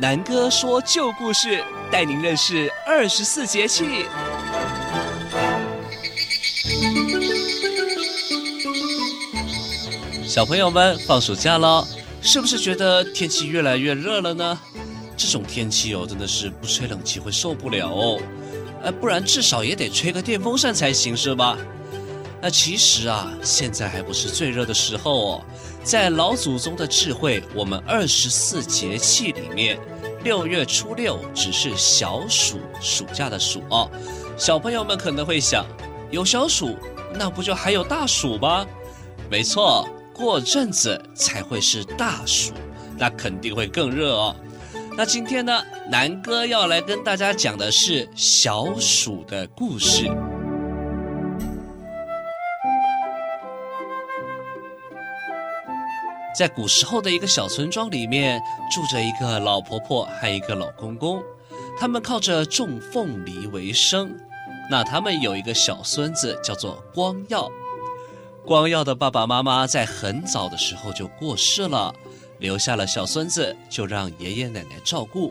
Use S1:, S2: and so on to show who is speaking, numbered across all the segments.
S1: 南哥說舊故事，帶您認識二十四節氣。小朋友們，放暑假了，是不是覺得天氣越來越熱了呢？這種天氣哦，真的是不吹冷氣會受不了哦，哎，不然至少也得吹個電風扇才行，是吧？那其實啊，現在還不是最熱的時候哦。在老祖宗的智慧，我們二十四節氣裡面，六月初六只是小暑，暑假的暑哦。小朋友們可能會想，有小暑，那不就還有大暑嗎？沒錯，過陣子才會是大暑，那肯定會更熱哦。那今天呢，南哥要來跟大家講的是小暑的故事。在古時候的一個小村莊裡面，住着一個老婆婆和一個老公公，他們靠着種鳳梨為生。那他們有一個小孫子，叫做光耀。光耀的爸爸媽媽在很早的時候就過世了，留下了小孫子，就讓爺爺奶奶照顧。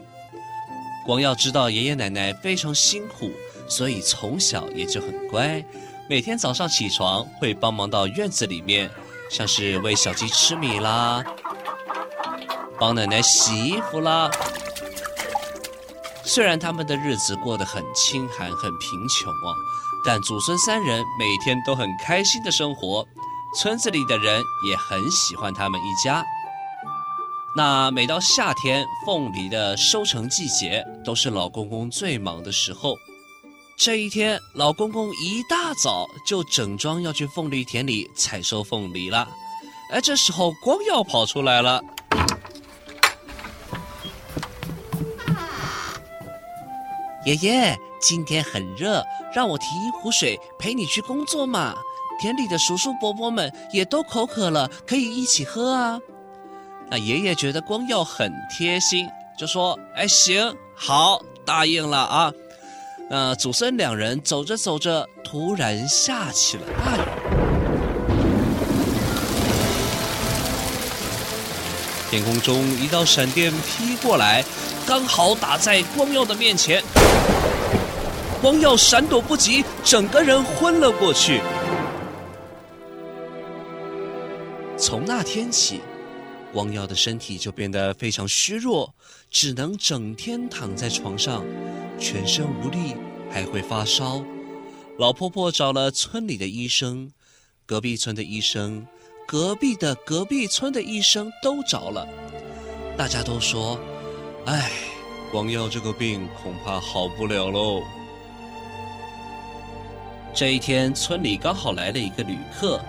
S1: 光耀知道爺爺奶奶非常辛苦，所以從小也就很乖，每天早上起床會幫忙到院子裡面。像是餵小雞吃米啦，幫奶奶洗衣服啦。雖然他們的日子過得很清寒，很貧窮哦，啊，但祖孫三人每天都很開心的生活，村子裡的人也很喜歡他們一家。那每到夏天，鳳梨的收成季節，都是老公公最忙的時候。這一天，老公公一大早就整裝要去鳳梨田裡採收鳳梨了。哎，這時候光耀跑出來了。啊。爺爺，今天很熱，讓我提一壺水陪你去工作嘛。田裡的叔叔伯伯們也都口渴了，可以一起喝啊。那爺爺覺得光耀很貼心，就說：“哎，行，好，答應了啊。”那，祖孫兩人走着走着，突然下起了大雨。天空中一道閃電劈過來，剛好打在光耀的面前，光耀閃躲不及，整個人昏了過去。從那天起，光耀的身體就變得非常虛弱，只能整天躺在床上。全身無力，還會發燒。老婆婆找了村裡的醫生，隔壁村的醫生，隔壁的隔壁村的醫生都找了。大家都說：“哎，光耀這個病恐怕好不了嘍。”這一天，村裡剛好來了一個旅客，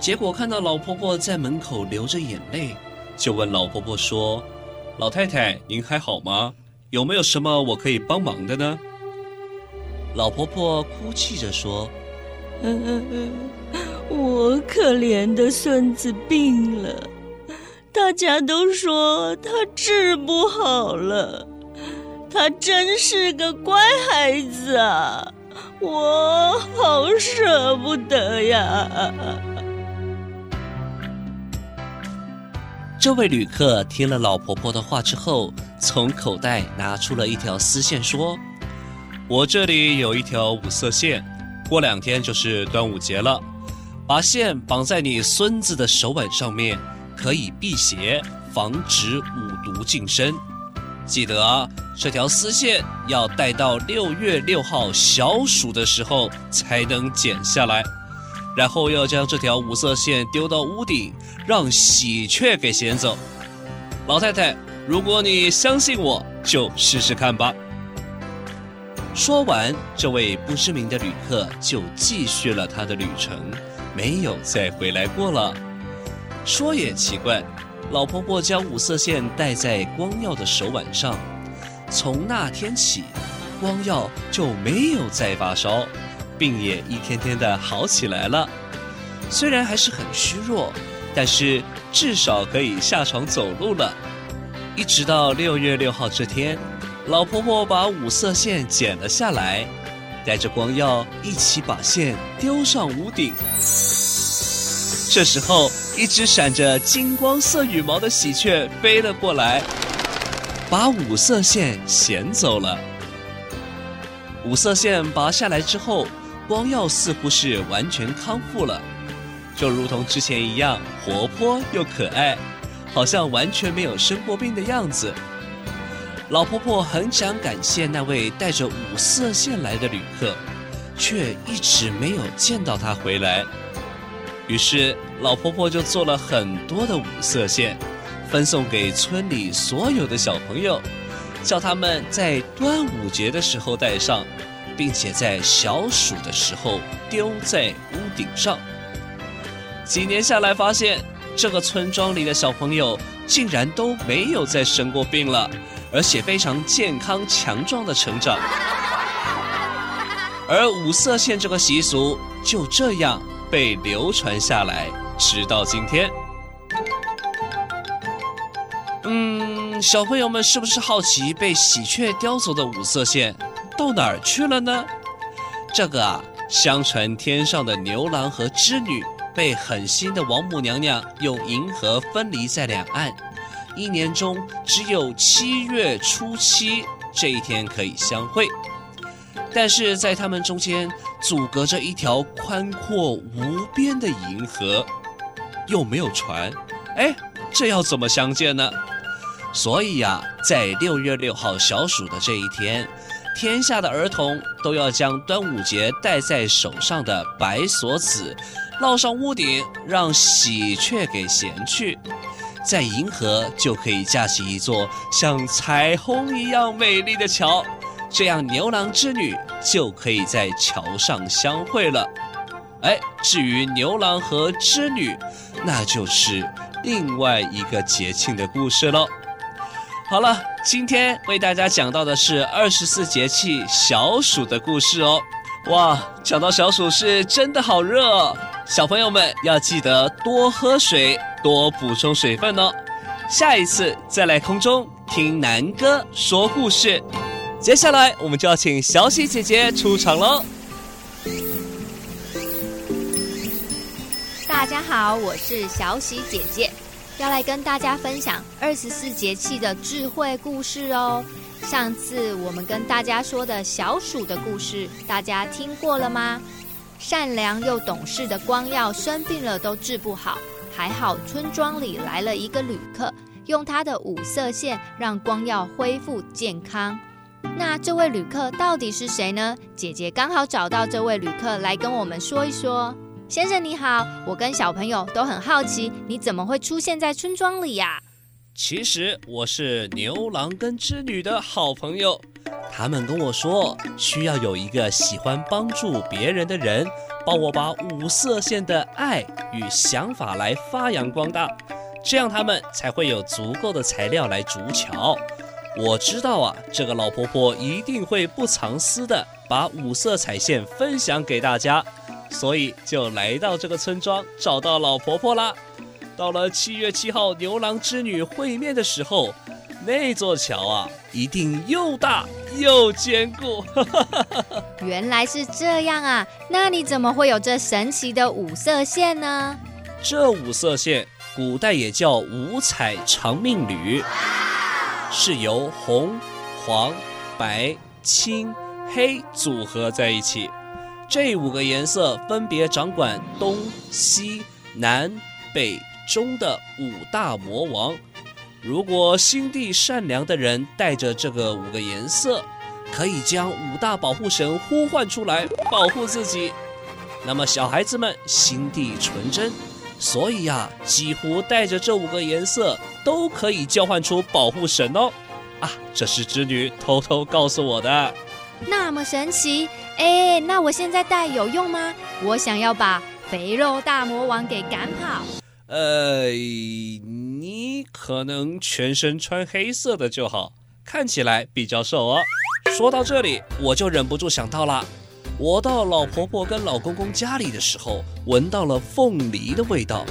S1: 結果看到老婆婆在門口流着眼淚，就問老婆婆說：“老太太，您還好嗎？”有沒有什麼我可以幫忙的呢？老婆婆哭泣着說：“
S2: 呃，我可憐的孫子病了，大家都說他治不好了。他真是個乖孩子啊，我好捨不得呀。”
S1: 這位旅客聽了老婆婆的話之後，從口袋拿出了一條絲線，說：“我這裡有一條五色線，過兩天就是端午節了，把線綁在你孫子的手腕上面，可以辟邪，防止五毒近身。記得啊，這條絲線要戴到六月六號小暑的時候才能剪下來。”然後要將這條五色線丟到屋頂，讓喜鵲給銜走。老太太，如果你相信我，就試試看吧。說完，這位不知名的旅客就繼續了他的旅程，沒有再回來過了。說也奇怪，老婆婆將五色線戴在光耀的手腕上，從那天起，光耀就沒有再發燒。病也一天天的好起來了，雖然還是很虛弱，但是至少可以下床走路了。一直到六月六號這天，老婆婆把五色線剪了下來，帶着光耀一起把線丟上屋頂。這時候，一隻閃着金光色羽毛的喜鵲飛了過來，把五色線銜走了。五色線拔下來之後，光耀似乎是完全康復了，就如同之前一樣活潑又可愛，好像完全沒有生過病的樣子。老婆婆很想感謝那位帶着五色線來的旅客，卻一直沒有見到他回來。於是，老婆婆就做了很多的五色線，分送給村裡所有的小朋友，叫他們在端午節的時候帶上。並且在小暑的時候丟在屋頂上，幾年下來發現，這個村莊裡的小朋友竟然都沒有再生過病了，而且非常健康強壯的成長。而五色線這個習俗就這樣被流傳下來，直到今天。嗯，小朋友們是不是好奇被喜鵲叼走的五色線？到哪兒去了呢？這個啊，相傳天上的牛郎和織女被狠心的王母娘娘用銀河分離在兩岸，一年中只有七月初七這一天可以相會，但是在他們中間阻隔着一條寬闊無邊的銀河，又沒有船，哎，這要怎麼相見呢？所以呀、啊，在六月六號小暑的這一天。天下的兒童都要將端午節戴在手上的百索子，撂上屋頂，讓喜鵲給銜去，在銀河就可以架起一座像彩虹一樣美麗的橋，這樣牛郎織女就可以在橋上相會了。哎，至於牛郎和織女，那就是另外一個節慶的故事了。好了，今天為大家講到的是二十四節氣小暑的故事哦。哇，講到小暑是真的好熱哦，小朋友們要記得多喝水，多補充水分哦。下一次再來空中聽南哥說故事，接下來我們就要請小喜姐姐出場嘍。
S2: 大家好，我是小喜姐姐。要來跟大家分享二十四節氣的智慧故事哦。上次我們跟大家說的小暑的故事，大家聽過了嗎？善良又懂事的光耀生病了都治不好，還好村莊裡來了一個旅客，用他的五色線讓光耀恢復健康。那這位旅客到底是誰呢？姐姐剛好找到這位旅客來跟我們說一說。先生你好，我跟小朋友都很好奇，你怎麼會出現在村莊裡呀？啊？
S1: 其實我是牛郎跟織女的好朋友，他們跟我說需要有一個喜歡幫助別人的人，幫我把五色線的愛與想法來發揚光大，這樣他們才會有足夠的材料來築橋。我知道啊，這個老婆婆一定會不藏私的把五色彩線分享給大家。所以就來到這個村莊，找到老婆婆啦。到了七月七號牛郎織女會面的時候，那座橋啊，一定又大又堅固。
S2: 原來是這樣啊，那你怎麼會有這神奇的五色線呢？
S1: 這五色線，古代也叫五彩長命縷，是由紅、黃、白、青、黑組合在一起。這五個顏色分別掌管東西南北中的五大魔王。如果心地善良的人帶着這個五個顏色，可以將五大保護神呼喚出來保護自己。那麼小孩子們心地純真，所以呀、啊，幾乎帶着這五個顏色都可以召喚出保護神哦。啊，這是織女偷偷告訴我的。
S2: 那麼神奇。哎，那我現在戴有用嗎？我想要把肥肉大魔王給趕跑。
S1: 呃，你可能全身穿黑色的就好，看起來比較瘦哦。說到這裡，我就忍不住想到了，我到老婆婆跟老公公家裡的時候，聞到了鳳梨的味道，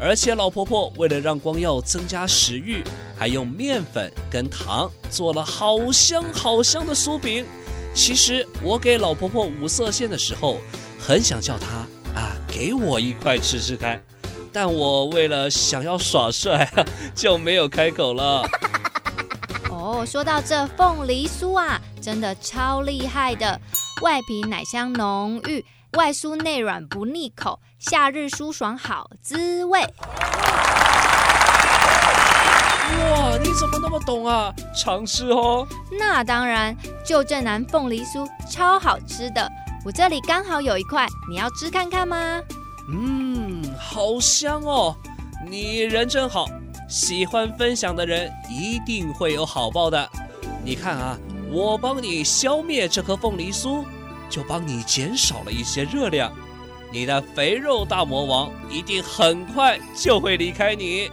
S1: 而且老婆婆為了讓光耀增加食欲，還用麵粉跟糖做了好香好香的酥餅。其實我給老婆婆五色線的時候，很想叫她啊，給我一塊吃吃看，但我為了想要耍帥，就沒有開口了。
S2: 哦，說到這鳳梨酥啊，真的超厲害的，外皮奶香濃郁，外酥內軟不膩口，夏日舒爽好滋味。哦哇，你怎麼那麼懂啊？
S1: 常吃哦。
S2: 那當然，舊振南鳳梨酥超好吃的，我這裡剛好有一塊，你要吃看看嗎？
S1: 嗯，好香哦。你人真好，喜歡分享的人一定會有好報的。你看啊，我幫你消滅這顆鳳梨酥，就幫你減少了一些熱量。你的肥肉大魔王一定很快就會離開你。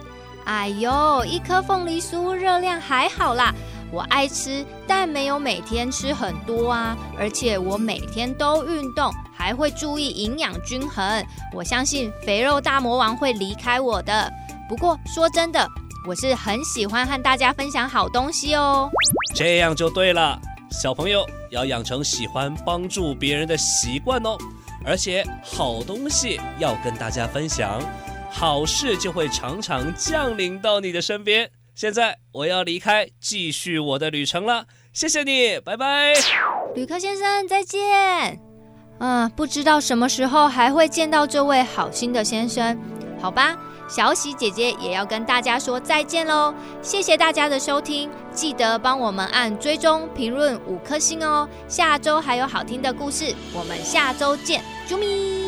S2: 哎呦，一顆鳳梨酥熱量還好啦，我愛吃，但沒有每天吃很多啊。而且我每天都運動，還會注意營養均衡。我相信肥肉大魔王會離開我的。不過說真的，我是很喜歡和大家分享好東西哦。
S1: 這樣就對了，小朋友要養成喜歡幫助別人的習慣哦。而且好東西要跟大家分享。好事就會常常降臨到你的身邊。現在我要離開，繼續我的旅程了。謝謝你，拜拜，旅客先生，再見。嗯，
S2: 不知道什麼時候還會見到這位好心的先生。好吧，小喜姐姐也要跟大家說再見嘍。謝謝大家的收聽，記得幫我們按追蹤、評論五顆星哦。下周還有好聽的故事，我們下周見，啾咪。